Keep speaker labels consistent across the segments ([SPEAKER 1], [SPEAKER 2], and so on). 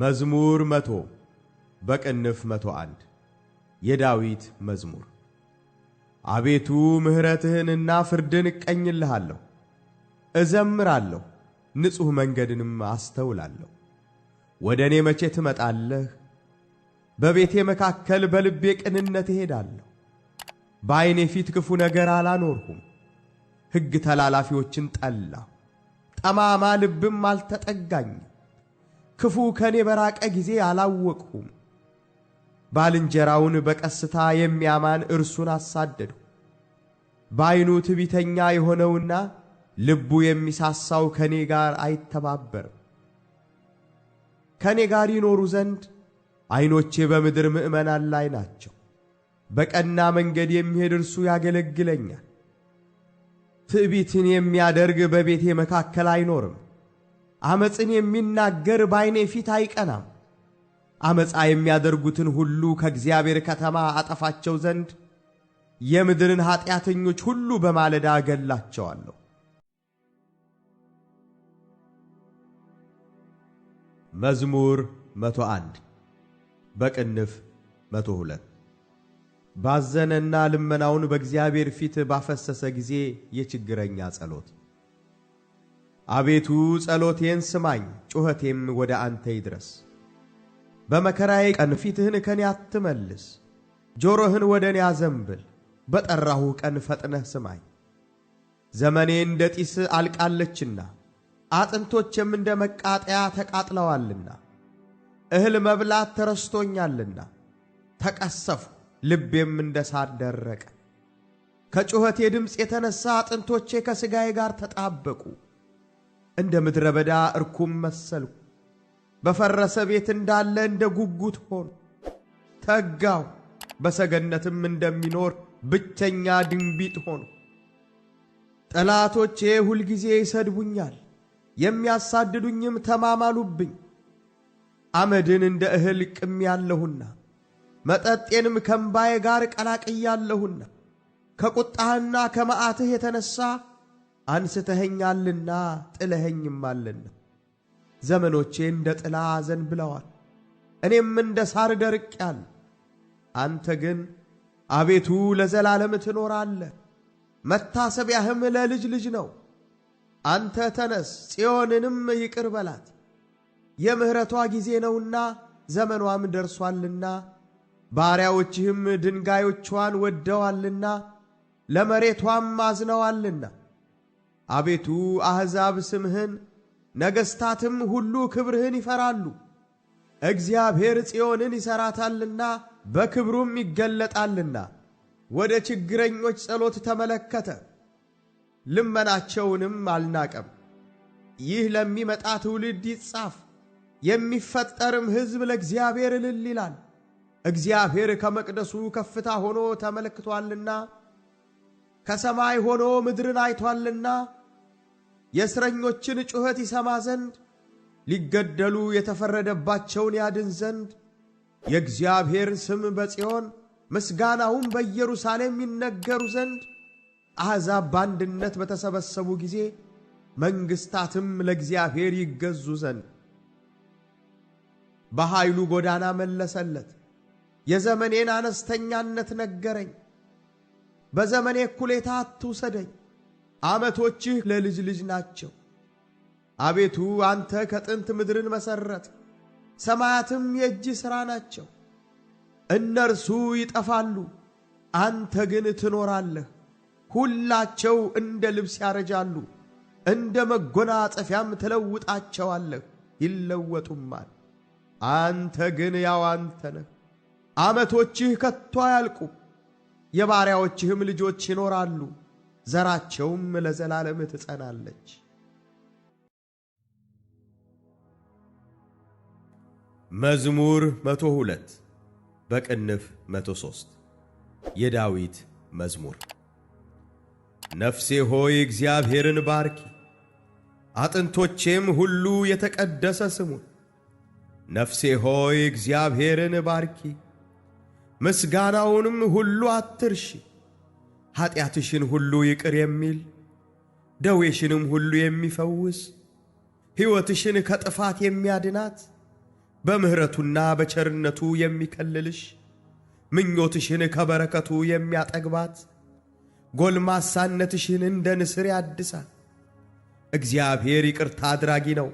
[SPEAKER 1] መዝሙር መቶ በቅንፍ መቶ አንድ የዳዊት መዝሙር። አቤቱ ምሕረትህንና ፍርድን እቀኝልሃለሁ፤ እዘምራለሁ፣ ንጹሕ መንገድንም አስተውላለሁ። ወደ እኔ መቼ ትመጣለህ? በቤቴ መካከል በልቤ ቅንነት እሄዳለሁ። በዐይኔ ፊት ክፉ ነገር አላኖርሁም። ሕግ ተላላፊዎችን ጠላሁ፣ ጠማማ ልብም አልተጠጋኝም። ክፉ ከኔ በራቀ ጊዜ አላወቅሁም። ባልንጀራውን በቀስታ የሚያማን እርሱን አሳደዱ። በዓይኑ ትዕቢተኛ የሆነውና ልቡ የሚሳሳው ከኔ ጋር አይተባበርም። ከኔ ጋር ይኖሩ ዘንድ ዐይኖቼ በምድር ምዕመናን ላይ ናቸው። በቀና መንገድ የሚሄድ እርሱ ያገለግለኛል። ትዕቢትን የሚያደርግ በቤቴ መካከል አይኖርም። አመፅን የሚናገር ባይኔ ፊት አይቀናም። አመፃ የሚያደርጉትን ሁሉ ከእግዚአብሔር ከተማ አጠፋቸው ዘንድ የምድርን ኀጢአተኞች ሁሉ በማለዳ እገላቸዋለሁ። መዝሙር አንድ በቅንፍ ሁለት ባዘነና ልመናውን በእግዚአብሔር ፊት ባፈሰሰ ጊዜ የችግረኛ ጸሎት አቤቱ ጸሎቴን ስማኝ፣ ጩኸቴም ወደ አንተ ይድረስ። በመከራዬ ቀን ፊትህን ከኔ አትመልስ፣ ጆሮህን ወደ እኔ አዘንብል፣ በጠራሁ ቀን ፈጥነህ ስማኝ። ዘመኔ እንደ ጢስ አልቃለችና አጥንቶቼም እንደ መቃጠያ ተቃጥለዋልና፣ እህል መብላት ተረስቶኛልና ተቀሰፉ፣ ልቤም እንደ ሳር ደረቀ። ከጩኸቴ ድምፅ የተነሣ አጥንቶቼ ከሥጋዬ ጋር ተጣበቁ። እንደ ምድረ በዳ እርኩም መሰልሁ። በፈረሰ ቤት እንዳለ እንደ ጉጉት ሆኑ። ተጋሁ፣ በሰገነትም እንደሚኖር ብቸኛ ድንቢጥ ሆኑ። ጠላቶቼ ሁልጊዜ ይሰድቡኛል፣ የሚያሳድዱኝም ተማማሉብኝ። አመድን እንደ እህል ቅሜአለሁና መጠጤንም ከእምባዬ ጋር ቀላቅያለሁና ከቁጣህና ከመዓትህ የተነሣ አንስተኸኛልና ጥለኸኝማልና ዘመኖቼ እንደ ጥላ ብለዋል! እኔም እንደ ሳር ደርቅያል። አንተ ግን አቤቱ ለዘላለም ትኖራለህ፣ መታሰቢያህም ለልጅ ልጅ ነው። አንተ ተነስ፣ ጽዮንንም ይቅር በላት፣ የምሕረቷ ጊዜ ነውና ዘመኗም ደርሷልና። ባሪያዎችህም ድንጋዮቿን ወደዋልና ለመሬቷም አዝነዋልና አቤቱ አሕዛብ ስምህን ነገሥታትም ሁሉ ክብርህን ይፈራሉ። እግዚአብሔር ጽዮንን ይሠራታልና በክብሩም ይገለጣልና። ወደ ችግረኞች ጸሎት ተመለከተ፣ ልመናቸውንም አልናቀም። ይህ ለሚመጣ ትውልድ ይጻፍ፣ የሚፈጠርም ሕዝብ ለእግዚአብሔር እልል ይላል። እግዚአብሔር ከመቅደሱ ከፍታ ሆኖ ተመልክቷልና ከሰማይ ሆኖ ምድርን አይቶአልና። የእስረኞችን ጩኸት ይሰማ ዘንድ ሊገደሉ የተፈረደባቸውን ያድን ዘንድ የእግዚአብሔር ስም በጽዮን ምስጋናውም በኢየሩሳሌም ይነገሩ ዘንድ አሕዛብ በአንድነት በተሰበሰቡ ጊዜ መንግሥታትም ለእግዚአብሔር ይገዙ ዘንድ በኃይሉ ጎዳና መለሰለት። የዘመኔን አነስተኛነት ነገረኝ። በዘመኔ እኩሌታ አትውሰደኝ። ዓመቶችህ ለልጅ ልጅ ናቸው። አቤቱ አንተ ከጥንት ምድርን መሠረት፣ ሰማያትም የእጅ ሥራ ናቸው። እነርሱ ይጠፋሉ፣ አንተ ግን ትኖራለህ። ሁላቸው እንደ ልብስ ያረጃሉ፣ እንደ መጎናጸፊያም ትለውጣቸዋለህ፣ ይለወጡማል። አንተ ግን ያው አንተ ነህ። ዓመቶችህ ከቶ አያልቁ፣ የባሪያዎችህም ልጆች ይኖራሉ። ዘራቸውም ለዘላለም ትጸናለች። መዝሙር 102 በቅንፍ 103 የዳዊት መዝሙር። ነፍሴ ሆይ እግዚአብሔርን ባርኪ፣ አጥንቶቼም ሁሉ የተቀደሰ ስሙን። ነፍሴ ሆይ እግዚአብሔርን ባርኪ፣ ምስጋናውንም ሁሉ አትርሺ። ኀጢአትሽን ሁሉ ይቅር የሚል ደዌሽንም ሁሉ የሚፈውስ ሕይወትሽን ከጥፋት የሚያድናት በምሕረቱና በቸርነቱ የሚከልልሽ ምኞትሽን ከበረከቱ የሚያጠግባት ጎልማሳነትሽን እንደ ንስር ያድሳል። እግዚአብሔር ይቅርታ አድራጊ ነው፣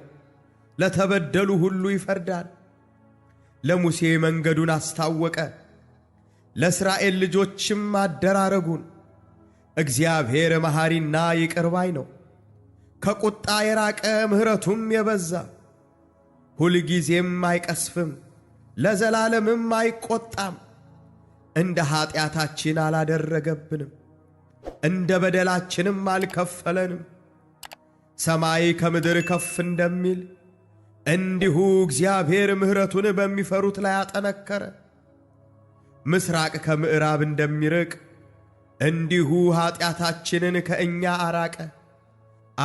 [SPEAKER 1] ለተበደሉ ሁሉ ይፈርዳል። ለሙሴ መንገዱን አስታወቀ፣ ለእስራኤል ልጆችም አደራረጉን። እግዚአብሔር መሐሪና ይቅር ነው፣ ከቁጣ የራቀ ምሕረቱም የበዛ ሁልጊዜም አይቀስፍም፣ ለዘላለምም አይቈጣም። እንደ ኀጢአታችን አላደረገብንም፣ እንደ በደላችንም አልከፈለንም። ሰማይ ከምድር ከፍ እንደሚል እንዲሁ እግዚአብሔር ምሕረቱን በሚፈሩት ላይ አጠነከረ። ምስራቅ ከምዕራብ እንደሚርቅ እንዲሁ ኀጢአታችንን ከእኛ አራቀ።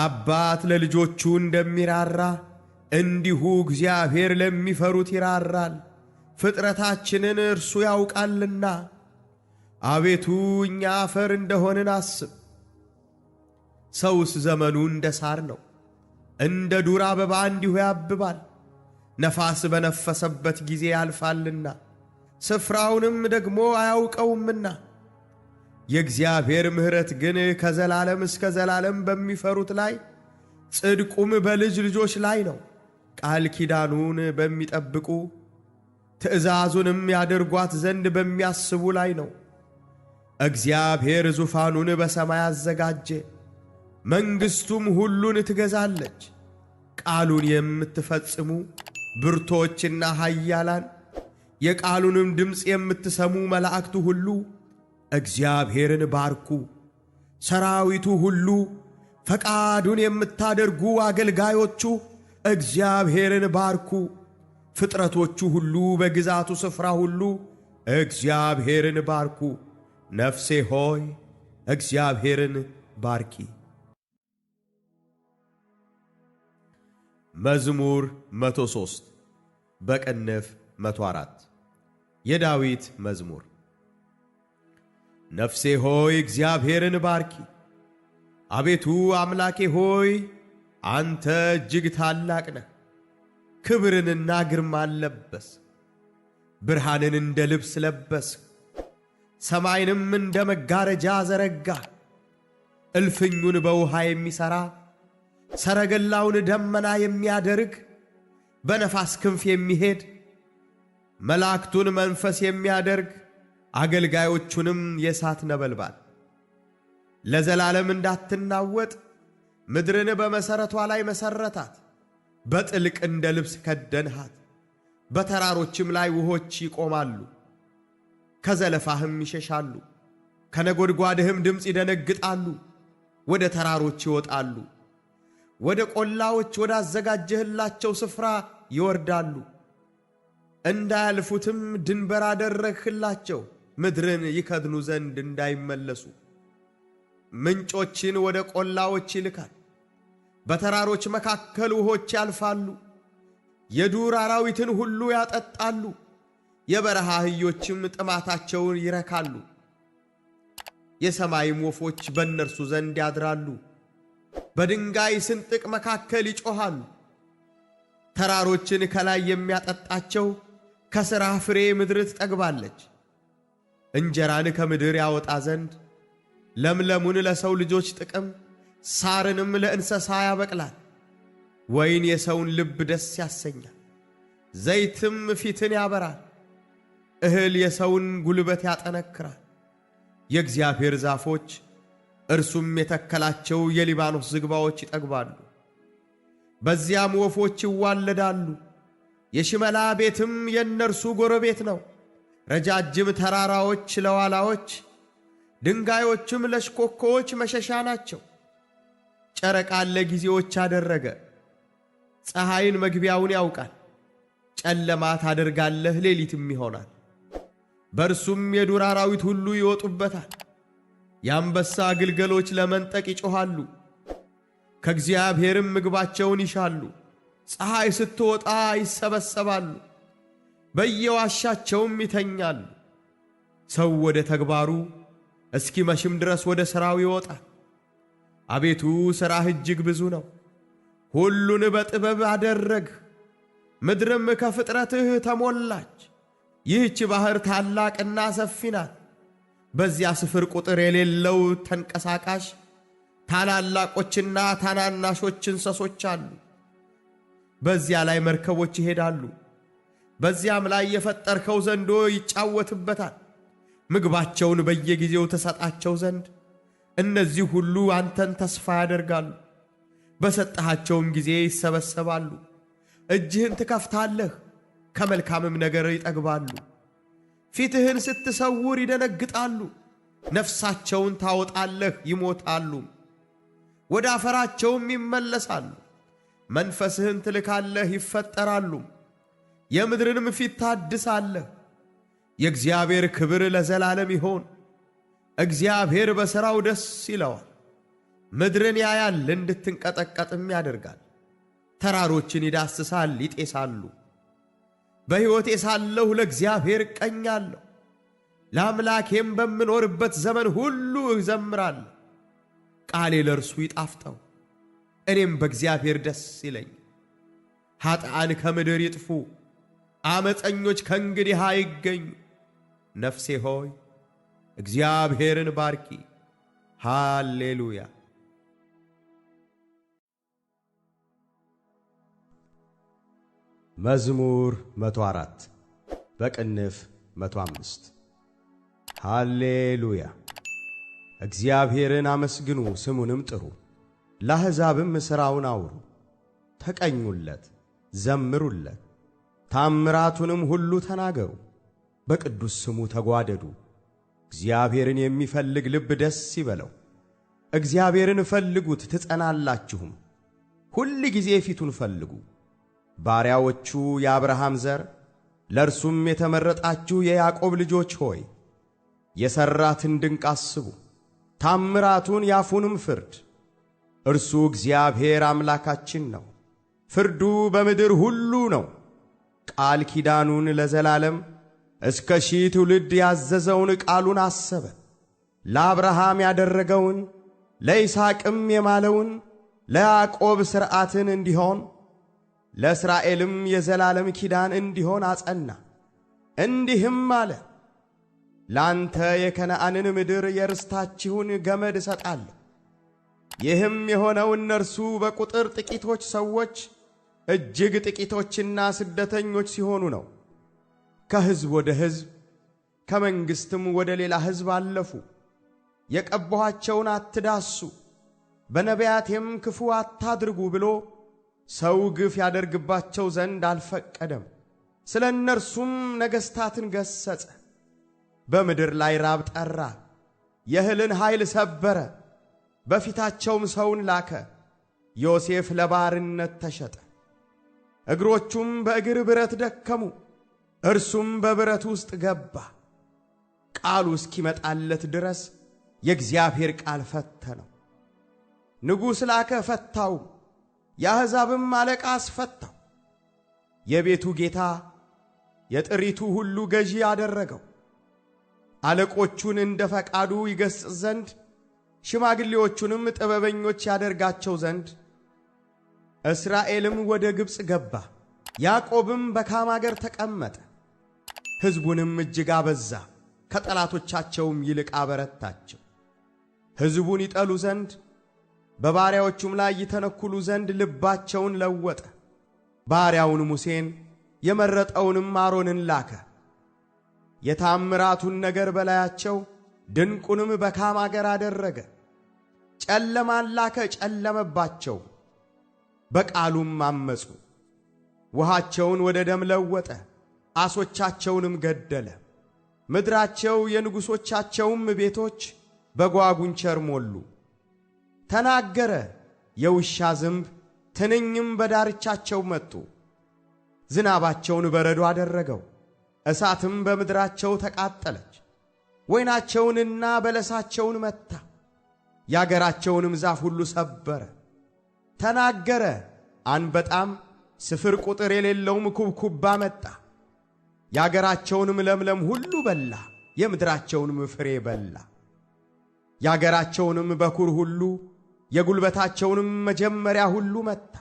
[SPEAKER 1] አባት ለልጆቹ እንደሚራራ እንዲሁ እግዚአብሔር ለሚፈሩት ይራራል፤ ፍጥረታችንን እርሱ ያውቃልና። አቤቱ እኛ አፈር እንደሆንን አስብ። ሰውስ ዘመኑ እንደ ሳር ነው፣ እንደ ዱር አበባ እንዲሁ ያብባል። ነፋስ በነፈሰበት ጊዜ ያልፋልና ስፍራውንም ደግሞ አያውቀውምና የእግዚአብሔር ምሕረት ግን ከዘላለም እስከ ዘላለም በሚፈሩት ላይ ጽድቁም በልጅ ልጆች ላይ ነው። ቃል ኪዳኑን በሚጠብቁ ትእዛዙንም ያደርጓት ዘንድ በሚያስቡ ላይ ነው። እግዚአብሔር ዙፋኑን በሰማይ አዘጋጀ፣ መንግሥቱም ሁሉን ትገዛለች። ቃሉን የምትፈጽሙ ብርቶችና ኃያላን፣ የቃሉንም ድምፅ የምትሰሙ መላእክቱ ሁሉ እግዚአብሔርን ባርኩ። ሰራዊቱ ሁሉ ፈቃዱን የምታደርጉ አገልጋዮቹ እግዚአብሔርን ባርኩ። ፍጥረቶቹ ሁሉ በግዛቱ ስፍራ ሁሉ እግዚአብሔርን ባርኩ። ነፍሴ ሆይ እግዚአብሔርን ባርኪ። መዝሙር 103 በቅንፍ 104 የዳዊት መዝሙር ነፍሴ ሆይ እግዚአብሔርን ባርኪ። አቤቱ አምላኬ ሆይ አንተ እጅግ ታላቅ ነህ። ክብርንና ግርማን ለበስ። ብርሃንን እንደ ልብስ ለበስ፣ ሰማይንም እንደ መጋረጃ ዘረጋ። እልፍኙን በውሃ የሚሠራ ሰረገላውን ደመና የሚያደርግ በነፋስ ክንፍ የሚሄድ መላእክቱን መንፈስ የሚያደርግ አገልጋዮቹንም የእሳት ነበልባል ለዘላለም እንዳትናወጥ ምድርን በመሠረቷ ላይ መሠረታት። በጥልቅ እንደ ልብስ ከደንሃት፣ በተራሮችም ላይ ውሆች ይቆማሉ። ከዘለፋህም ይሸሻሉ፣ ከነጎድጓድህም ድምፅ ይደነግጣሉ። ወደ ተራሮች ይወጣሉ፣ ወደ ቈላዎች ወዳዘጋጀህላቸው ስፍራ ይወርዳሉ። እንዳያልፉትም ድንበር አደረግህላቸው። ምድርን ይከድኑ ዘንድ እንዳይመለሱ ምንጮችን ወደ ቆላዎች ይልካል። በተራሮች መካከል ውኆች ያልፋሉ። የዱር አራዊትን ሁሉ ያጠጣሉ። የበረሃ አህዮችም ጥማታቸውን ይረካሉ። የሰማይም ወፎች በእነርሱ ዘንድ ያድራሉ። በድንጋይ ስንጥቅ መካከል ይጮኻሉ። ተራሮችን ከላይ የሚያጠጣቸው ከሥራ ፍሬ ምድር ትጠግባለች። እንጀራን ከምድር ያወጣ ዘንድ ለምለሙን ለሰው ልጆች ጥቅም ሳርንም ለእንስሳ ያበቅላል። ወይን የሰውን ልብ ደስ ያሰኛል፣ ዘይትም ፊትን ያበራል። እህል የሰውን ጉልበት ያጠነክራል። የእግዚአብሔር ዛፎች እርሱም የተከላቸው የሊባኖስ ዝግባዎች ይጠግባሉ። በዚያም ወፎች ይዋለዳሉ፣ የሽመላ ቤትም የእነርሱ ጎረቤት ነው። ረጃጅም ተራራዎች ለዋላዎች፣ ድንጋዮችም ለሽኮኮዎች መሸሻ ናቸው። ጨረቃን ለጊዜዎች አደረገ፣ ፀሐይን መግቢያውን ያውቃል። ጨለማ ታደርጋለህ፣ ሌሊትም ይሆናል። በእርሱም የዱር አራዊት ሁሉ ይወጡበታል፣ የአንበሳ ግልገሎች ለመንጠቅ ይጮኻሉ፣ ከእግዚአብሔርም ምግባቸውን ይሻሉ። ፀሐይ ስትወጣ ይሰበሰባሉ። በየዋሻቸውም ይተኛሉ። ሰው ወደ ተግባሩ እስኪ መሽም ድረስ ወደ ሥራው ይወጣል። አቤቱ ሥራህ እጅግ ብዙ ነው፤ ሁሉን በጥበብ አደረግህ። ምድርም ከፍጥረትህ ተሞላች። ይህች ባሕር ታላቅና ሰፊ ናት። በዚያ ስፍር ቁጥር የሌለው ተንቀሳቃሽ ታላላቆችና ታናናሾች እንስሶች አሉ። በዚያ ላይ መርከቦች ይሄዳሉ። በዚያም ላይ የፈጠርከው ዘንዶ ይጫወትበታል። ምግባቸውን በየጊዜው ትሰጣቸው ዘንድ እነዚህ ሁሉ አንተን ተስፋ ያደርጋሉ። በሰጠሃቸውም ጊዜ ይሰበሰባሉ። እጅህን ትከፍታለህ፣ ከመልካምም ነገር ይጠግባሉ። ፊትህን ስትሰውር ይደነግጣሉ። ነፍሳቸውን ታወጣለህ፣ ይሞታሉ፣ ወደ አፈራቸውም ይመለሳሉ። መንፈስህን ትልካለህ፣ ይፈጠራሉ። የምድርንም ፊት ታድሳለህ። የእግዚአብሔር ክብር ለዘላለም ይሆን። እግዚአብሔር በሥራው ደስ ይለዋል። ምድርን ያያል እንድትንቀጠቀጥም ያደርጋል። ተራሮችን ይዳስሳል፣ ይጤሳሉ። በሕይወቴ ሳለሁ ለእግዚአብሔር እቀኛለሁ፣ ለአምላኬም በምኖርበት ዘመን ሁሉ እዘምራለሁ። ቃሌ ለእርሱ ይጣፍጠው፣ እኔም በእግዚአብሔር ደስ ይለኝ። ኀጥአን ከምድር ይጥፉ አመፀኞች ከእንግዲህ አይገኙ። ነፍሴ ሆይ እግዚአብሔርን ባርኪ። ሃሌሉያ። መዝሙር 104 በቅንፍ 105 ሃሌሉያ። እግዚአብሔርን አመስግኑ፣ ስሙንም ጥሩ፣ ለአሕዛብም ሥራውን አውሩ። ተቀኙለት፣ ዘምሩለት ታምራቱንም ሁሉ ተናገሩ፣ በቅዱስ ስሙ ተጓደዱ። እግዚአብሔርን የሚፈልግ ልብ ደስ ይበለው። እግዚአብሔርን ፈልጉት ትጸናላችሁም፣ ሁል ጊዜ ፊቱን ፈልጉ። ባሪያዎቹ የአብርሃም ዘር ለእርሱም የተመረጣችሁ የያዕቆብ ልጆች ሆይ የሠራትን ድንቅ አስቡ፣ ታምራቱን ያፉንም ፍርድ። እርሱ እግዚአብሔር አምላካችን ነው፣ ፍርዱ በምድር ሁሉ ነው። ቃል ኪዳኑን ለዘላለም እስከ ሺህ ትውልድ ያዘዘውን ቃሉን አሰበ። ለአብርሃም ያደረገውን ለይስሐቅም የማለውን ለያዕቆብ ሥርዓትን እንዲሆን ለእስራኤልም የዘላለም ኪዳን እንዲሆን አጸና። እንዲህም አለ፣ ላንተ የከነዓንን ምድር የርስታችሁን ገመድ እሰጣለሁ። ይህም የሆነው እነርሱ በቁጥር ጥቂቶች ሰዎች እጅግ ጥቂቶችና ስደተኞች ሲሆኑ ነው። ከሕዝብ ወደ ሕዝብ ከመንግሥትም ወደ ሌላ ሕዝብ አለፉ። የቀባኋቸውን አትዳሱ፣ በነቢያቴም ክፉ አታድርጉ ብሎ ሰው ግፍ ያደርግባቸው ዘንድ አልፈቀደም። ስለ እነርሱም ነገሥታትን ገሰጸ። በምድር ላይ ራብ ጠራ፣ የእህልን ኃይል ሰበረ። በፊታቸውም ሰውን ላከ። ዮሴፍ ለባርነት ተሸጠ። እግሮቹም በእግር ብረት ደከሙ። እርሱም በብረት ውስጥ ገባ። ቃሉ እስኪመጣለት ድረስ የእግዚአብሔር ቃል ፈተነው። ንጉሥ ላከ ፈታውም! የአሕዛብም አለቃ አስፈታው። የቤቱ ጌታ የጥሪቱ ሁሉ ገዢ አደረገው። አለቆቹን እንደ ፈቃዱ ይገስጽ ዘንድ ሽማግሌዎቹንም ጥበበኞች ያደርጋቸው ዘንድ እስራኤልም ወደ ግብፅ ገባ፣ ያዕቆብም በካም አገር ተቀመጠ። ሕዝቡንም እጅግ አበዛ፣ ከጠላቶቻቸውም ይልቅ አበረታቸው። ሕዝቡን ይጠሉ ዘንድ በባሪያዎቹም ላይ ይተነኩሉ ዘንድ ልባቸውን ለወጠ። ባሪያውን ሙሴን የመረጠውንም አሮንን ላከ። የታምራቱን ነገር በላያቸው ድንቁንም በካም አገር አደረገ። ጨለማን ላከ፣ ጨለመባቸው። በቃሉም አመፁ። ውሃቸውን ወደ ደም ለወጠ፣ አሶቻቸውንም ገደለ። ምድራቸው የንጉሶቻቸውም ቤቶች በጓጉንቸር ሞሉ። ተናገረ፣ የውሻ ዝንብ ትንኝም በዳርቻቸው መጡ። ዝናባቸውን በረዶ አደረገው፣ እሳትም በምድራቸው ተቃጠለች። ወይናቸውንና በለሳቸውን መታ፣ የአገራቸውንም ዛፍ ሁሉ ሰበረ። ተናገረ። አንበጣም ስፍር ቁጥር የሌለውም ኩብኩባ መጣ። የአገራቸውንም ለምለም ሁሉ በላ፣ የምድራቸውንም ፍሬ በላ። የአገራቸውንም በኩር ሁሉ የጉልበታቸውንም መጀመሪያ ሁሉ መታ።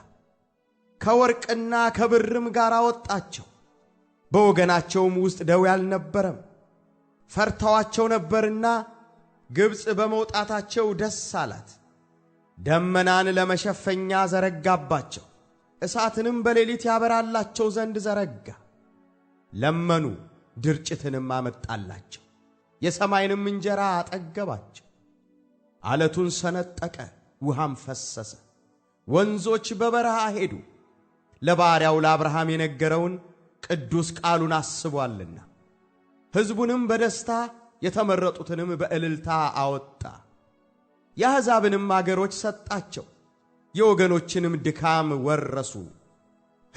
[SPEAKER 1] ከወርቅና ከብርም ጋር አወጣቸው። በወገናቸውም ውስጥ ደዌ አልነበረም። ፈርተዋቸው ነበርና ግብፅ በመውጣታቸው ደስ አላት። ደመናን ለመሸፈኛ ዘረጋባቸው፣ እሳትንም በሌሊት ያበራላቸው ዘንድ ዘረጋ። ለመኑ፣ ድርጭትንም አመጣላቸው፣ የሰማይንም እንጀራ አጠገባቸው። አለቱን ሰነጠቀ፣ ውሃም ፈሰሰ፣ ወንዞች በበረሃ ሄዱ። ለባሪያው ለአብርሃም የነገረውን ቅዱስ ቃሉን አስቧልና ሕዝቡንም በደስታ የተመረጡትንም በእልልታ አወጣ። የአሕዛብንም አገሮች ሰጣቸው፣ የወገኖችንም ድካም ወረሱ።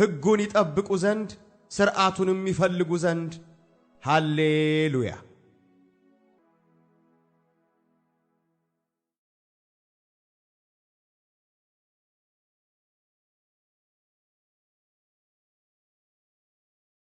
[SPEAKER 1] ሕጉን ይጠብቁ ዘንድ ሥርዓቱንም ይፈልጉ ዘንድ ሃሌሉያ